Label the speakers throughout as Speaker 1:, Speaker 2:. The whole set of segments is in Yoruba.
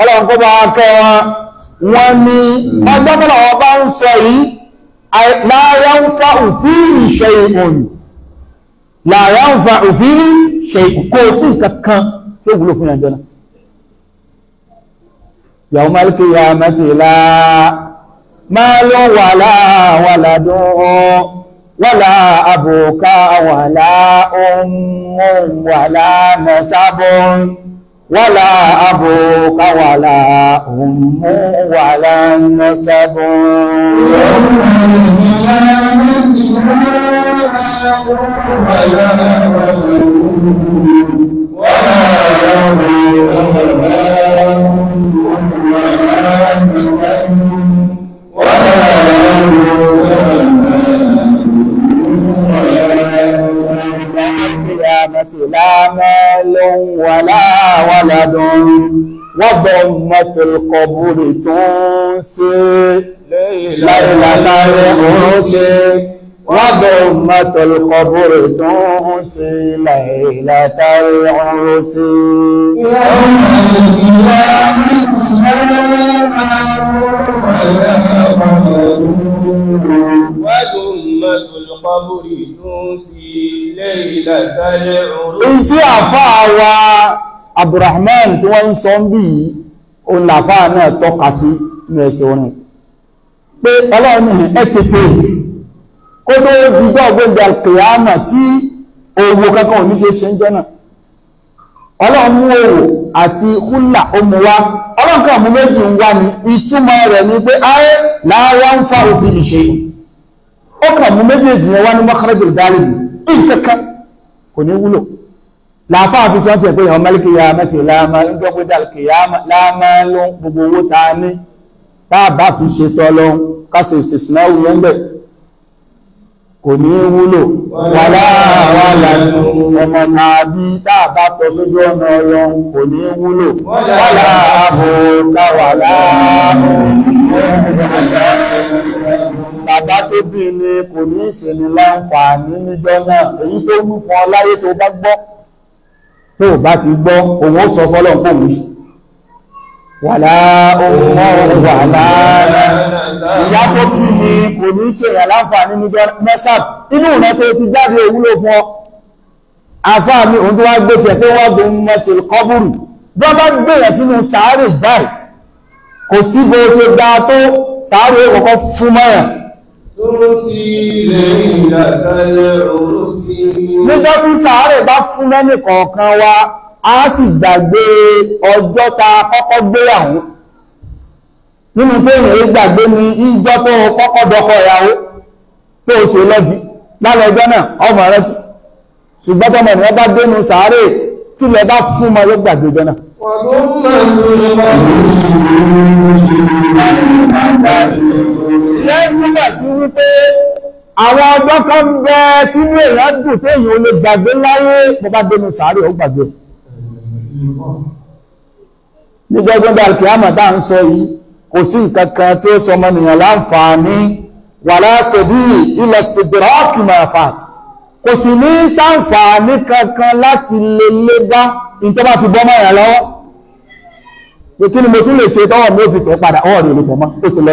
Speaker 1: ọlọ́run kó bá wa kẹ́ wọn wọn ni ọgbọ́n wọn bá ń sọ yìí láàárá ń fa òfin ìṣe ìhùn láàárá ń fa òfin ìṣe kó sí nǹkan tó wúlò fún ìrìnàjò náà yàwó máàlùkì ya mẹ́tìlá máa ló wà láàwà ládùn wàlá àbùká wàlá ohun mẹ́sàbọ̀n wàlá abùkà wàlá òmù wàlá nọ́sẹ̀bùn. Wàlá abùkà wàlá òmù wàlá nọ́sẹ̀bùn. ولد وضمت القبور تنسي ليلة الأنس وضمت القبور تنسي ليلة الأنس يوم وضمت القبور تنسي ليلة العروس. انت يا فاوى abdulrahman tí wọ́n ń sọ ń bí yìí òun làfá náà tọ́ka sí ní ẹsẹ̀ orin pé ọlọ́run ní ẹ tètè kó tó gbígbọ́ gbẹ́gbẹ́ kìláàmà tí òwò kankan ò ní ṣe ṣe ń jẹ́ ọlọ́run mú àti húlà òmùwá ọlọ́run mú méjì ń wá ní ìtumọ̀ rẹ̀ ni pé ayé láàárọ̀ ń fa òfin ìṣe ó kàn mú méjèèjì yẹn wá ní mọ́kànlélẹ́gbẹ̀rẹ̀ dárí nǹkan kò ní wúlò làáfà fi sọ tiẹ̀ pé ìyàwó mẹ́lìkì yà mẹ́tì láàmà ló ń jọ́ pé dàlùkì láàmà ló ń gbogbo owó ta ní tá a bá fi ṣe tọ́ lọ kásì ìsìsìnà òun yẹn bẹ̀ kò ní wúlò wàlá wàlá ọmọ tàbí tá a bá tọ́ sójú ọ̀nà ọlọ́run kò ní wúlò wàlá àbò káwàlá bàbá tó bí ni kò ní ìsìnlẹ̀ láǹfààní níjọ́ náà èyí tó mú fún ọ láyé tó bá gbọ́ tó o bá ti gbọ́ òun ó sọ fọ́lọ́ pò wí wàlá ohun mọ́ ohun wàlá ìyá tó bí ni kò ní ṣe ìrànláǹfààní ní mẹ́sàp inú rẹ tó ti jáde òwúlò fún ọ àfáà mi òun tó wá gbé tiẹ̀ pé wọ́n dùn mọ́tò kọ́bùrù bí wọ́n bá gbèyàn sínú sàárè báyìí kò sí bó ṣe dáa tó sàárè kọ̀ọ̀kan fún mọ́yàn níjọ́ tí sàárè bá fún mẹ́nì kọ̀ọ̀kan wa a sì gbàgbé ọjọ́ ta kọ́kọ́ gbéyàwó nínú tó ìrìn gbàgbé ni ìjọ tó kọ́kọ́ dọkọ ìyàwó tó o ṣe lọ́dí lálẹ́ ọjọ́ náà ọmọ rẹ ti ṣùgbọ́n tọmọ ènìyàn bá dénú sàárè tílẹ̀ bá fún ọmọ yóò gbàgbé ọjọ́ náà. wọ́n ló ń mọ̀ ní ọmọ ìyẹn túmọ̀ sí wípé
Speaker 2: àwọn ọjọ́ kan bẹ
Speaker 1: tí ní èèyàn dùn tó èèyàn lè gbàgbé láyé bó bá dénú sàárè ó gbàgbé ní gbọ́gbọ́n bá alkiyama tá ń sọ yìí kò sí nǹkan kan tí ó sọ ọmọnìyàn láǹfààní wà láṣẹ̀bí ilẹ̀ stedrọ́ọ̀kì marafat kò sì ní sáǹfààní kankan láti lè lé bá ìjọba ti bọ́ mọ́ra lọ́wọ́ pé kí ni mo tún lè ṣe tọ́wọ́ mi ò fi tẹ̀ padà ọ̀rẹ́ olùkọ́ mọ́ ó ti lọ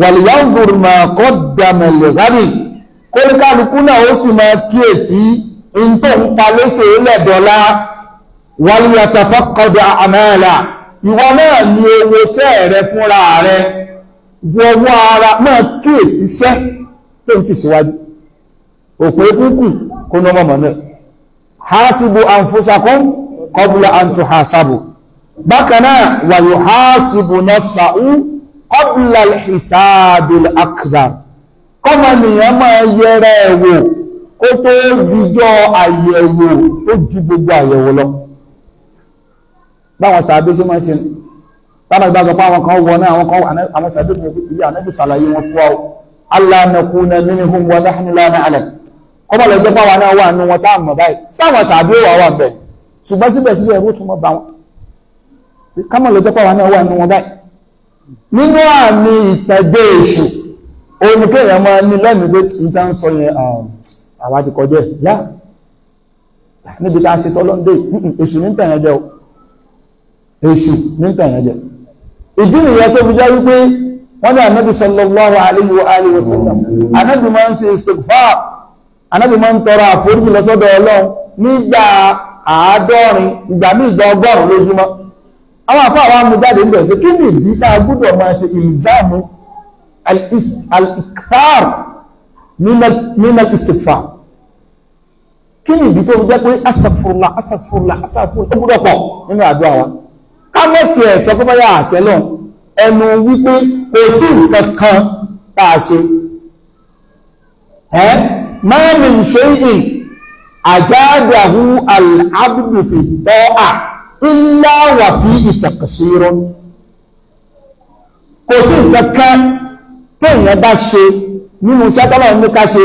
Speaker 1: wàlìyàndùrù máa kọ́ dàmẹ̀ lẹ́gbàbì kóníkàlùkù náà ó sì máa kíyèsí in tó ń pa léṣe lẹ́dọ̀ọ́lá wàlìyàtàfàkọ̀dọ̀ àmẹ́ẹ̀lá ìwọ náà ni owó sẹ́ rẹ fúnra rẹ wọwọ́ ara máa kíyèsí sẹ́ tó ń ti síwájú òpó ikúkù kó hasibu anfusakun kọbula antuhasabu bákan náà wàyò kọ́bùlà ìsáàdùl akbar kọ́mọ nìyàn máa yẹra ẹ̀ wò kó tó dijọ́ àyẹ̀wò tó ju gbogbo àyẹ̀wò lọ báwọn sàbí sí máa ṣe tábà ìgbà sọ pé àwọn kan wọ náà àwọn kan àwọn sàbí fún ìyá ànábì sàlàyé wọn fún wa Allah nakuna minhum wa nahnu la na'lam kọ́mọ lọ jẹ́ báwa náà wà nù wọn táwọn mọ̀ báyìí sáwọn sàbí wà wà bẹ̀ ṣùgbọ́n síbẹ̀síbẹ̀ ẹ̀rú tún mọ́ bá wọn kámọ̀ lọ jẹ́ báwa náà wà nù wọn báyìí nínú àmì ìtẹ̀gbẹ́ èṣù oníkẹ́yàn máa ní lẹ́mìí pé ìta ń sọ yẹn àwa ti kọjọ́ ẹ̀ yá níbi tá a ṣe tọ́lọ́ndé èṣù ní tẹ̀yàn jẹ́ o èṣù ní tẹ̀yàn jẹ́ ìdí nìyẹn tó fi jẹ́ wípé wọ́n ní ànábì sallallahu alayhi wa alihi wa sallam ànábì máa ń ṣe istighfar ànábì máa ń tọrọ àforíjì lọ́sọ́dọ̀ ọlọ́run nígbà àádọ́rin ìgbà míì ìgbà ọgọ́rùn-ún lójúmọ́ àwọn àfáà wa mú jáde níbẹ̀ pé kí ni ìdí tá a gbọ́dọ̀ máa ṣe ìlzáàmù al-ikthar minal istighfar kí ni ìdí tó jẹ́ pé astaghfirullah astaghfirullah astaghfirullah ó gbọ́dọ̀ pọ̀ nínú àdúrà wa ká mẹ́tì ẹ̀ sọ pé báyà àṣẹ lọ illa wa fihi taqsirun kò sí nǹkan kan téèyàn bá ṣe nínú iṣẹ́ tọ́lọ̀ ní ká ṣe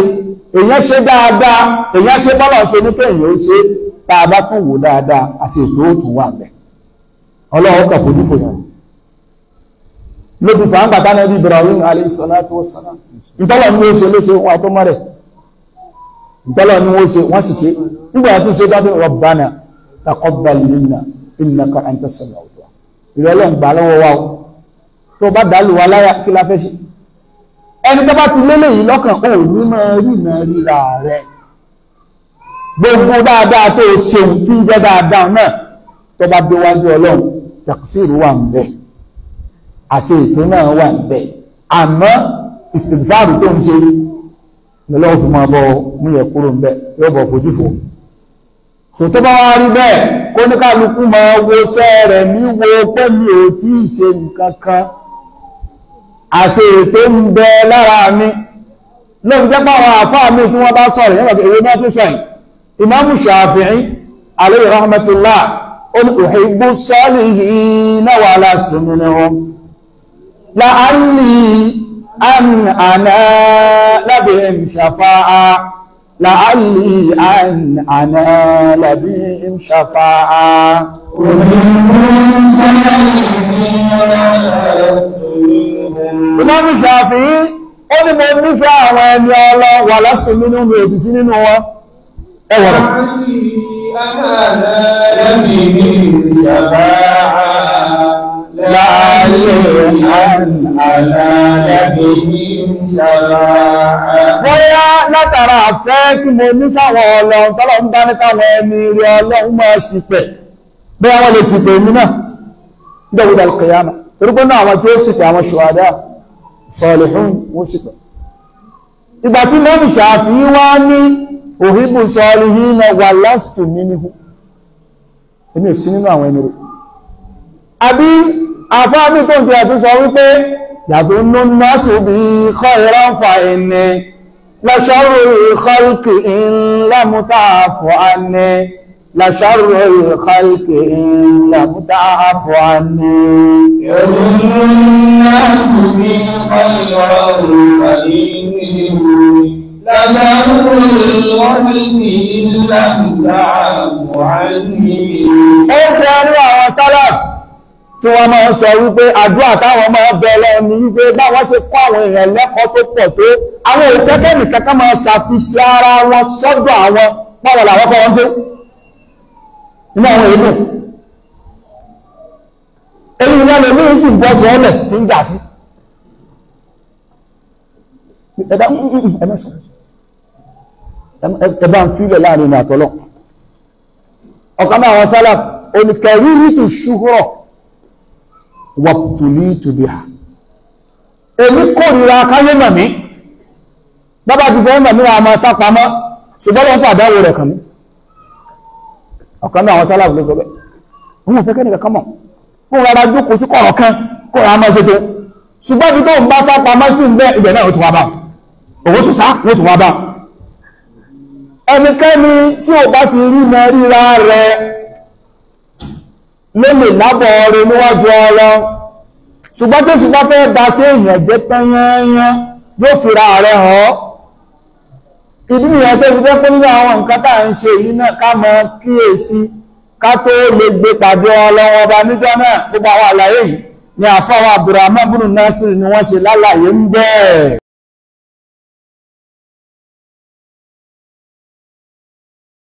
Speaker 1: èèyàn ṣe dáadáa èèyàn ṣe bọ́lọ̀ ṣe ní kéèyàn ó ṣe tá a bá tún wò dáadáa àti ètò òtún wà bẹ́ẹ̀ ọlọ́run kàn fojú fò yàn ló fi fà ń gbàtà náà bí Ibrahim alayhi salatu wassalam ìtọ́lọ̀ ní ó ṣe ló ṣe wọn àtọ́ mọ́ ìtọ́lọ̀ ní ó ṣe wọ́n sì ṣe nígbà tó ṣe dábẹ́ Rabbana taqabbal minna innaka anta sọ̀rọ̀ ọ̀dọ́ ìrẹ́ lọ́n gbà lọ́wọ́ wa o tó bá dàlù wa láyà kí la fẹ́ ṣe ẹni tó bá ti lélẹ̀ yìí lọ́kàn ó ní máa rí náà ríra rẹ̀ gbogbo dáadáa tó ṣeun tí ń jẹ́ dáadáa náà tó bá dé wájú ọlọ́run tẹ̀síìrù wà ń bẹ̀ àṣẹ ètò náà wà ń bẹ̀ àmọ́ ìsìnkú tó ń ṣe bọ́ mú yẹ kúrò ń bẹ̀ yóò bọ̀ fojú fò so tó bá wá rí bẹ́ẹ̀ kó ní kálukú máa wo sẹ́ rẹ̀ níwo pẹ̀lú òtí ìṣe nǹkan kan àṣe ètò ń bẹ lára mi lóbi jẹ́ pàwọn àfáà mi tí wọ́n bá sọ̀rọ̀ yẹn lọ́gbẹ̀ èwe náà tó ìmáàmù Ṣàfi'í alayhi rahmatullah olùhìbú sọ́ọ̀lì yìí náà wà lásìkò nínú wọn láàrín àná lábẹ́ ìṣàfáà لعلي أن أنال بهم شفاعة Ìmáàmù Ṣàfi'í, ó ní mo nífẹ́ àwọn ẹni ọlọ wà lásìkò nínú mi òsìsí nínú wọn. Ẹ wọ̀rọ̀. Láàárín àlàáfíì bóyá látara àfẹ́ tí mo ní sáwọn ọlọ́run tọ́lọ̀ ń bá nítàwọn ẹni rí ọlọ́run mọ́ sípẹ̀ bí wọ́n lè sípẹ̀ èmi náà nígbàgbà kìyàmà torípé náà àwọn tí ó sípẹ̀ àwọn ṣùwádà sọ̀lẹ̀hún wọ́n sípẹ̀ ìgbà tí mọ́mù يظن الناس بي خيرا فإني لشر الخلق إن لم تعف عني لشر الخلق إن لم تعف عني يظن الناس بي خيرا فإني لشر الخلق إن لم تعف عني. أنت يا سلام tí wọ́n máa ń sọ wípé àdúrà táwọn máa bẹ lọ́wọ́ ni wípé báwọn ṣe kọ́ àwọn èèyàn lẹ́kọ̀ọ́ tó pọ̀ tó àwọn òṣèkẹ́nì kankan máa ṣàfihàn ara wọn sọ́dọ̀ àwọn báwọn làwọn kọ́ wọn pé inú àwọn èèyàn èyí ni wọn lè ní ìsìn bọ́sẹ̀ ọ̀lẹ̀ tí ń jà sí ẹ̀dá ẹ̀mẹ́sàn ẹ̀bá ń fílẹ̀ láàrin àtọ́lọ́ ọ̀kan náà àwọn sálà oníkẹ̀rí rítù ṣúhúrọ̀ wàtúlí tùbí à èmi kórìíra káyé mọ̀ mí bábá ti fẹ́ mọ̀ mí wàá máa sápamọ́ ṣùgbọ́n ló ń fàdáwò rẹ̀ kàn mí ọ̀kan náà àwọn sálàfù ló sọ bẹ́ẹ̀ wọn ò fẹ́ kẹ́nìkan kan mọ̀ fún rárá jókòó sí kọ̀rọ̀ kan kó rárá máa ṣe tó ṣùgbọ́n ibi tó ń bá sápamọ́ sí ń bẹ́ ibẹ̀ náà ó ti wá bá òwò tó sá ó ti wá bá ẹnikẹ́ni tí ò bá ti rí mọ ríra ló lè lábọ̀ ọrẹ níwájú ọlọ ṣùgbọ́n tó sì bá fẹ́ da sí èèyàn jẹ́ tẹ́yẹ́yẹ́ yóò fira ààrẹ hàn ọ́ ìdí nìyẹn tó fi jẹ́ pé nínú àwọn nǹkan tá à ń ṣe yìí náà ká mọ kíyèsí ká tó lè gbé pàdé ọlọ́wọ́ ọba níjọ́ náà gbogbo àwọn àlàyé yìí ni àfọwọ́ Abdulrahman bin Nasir ni wọ́n ṣe lálàyé ń bẹ́ẹ̀.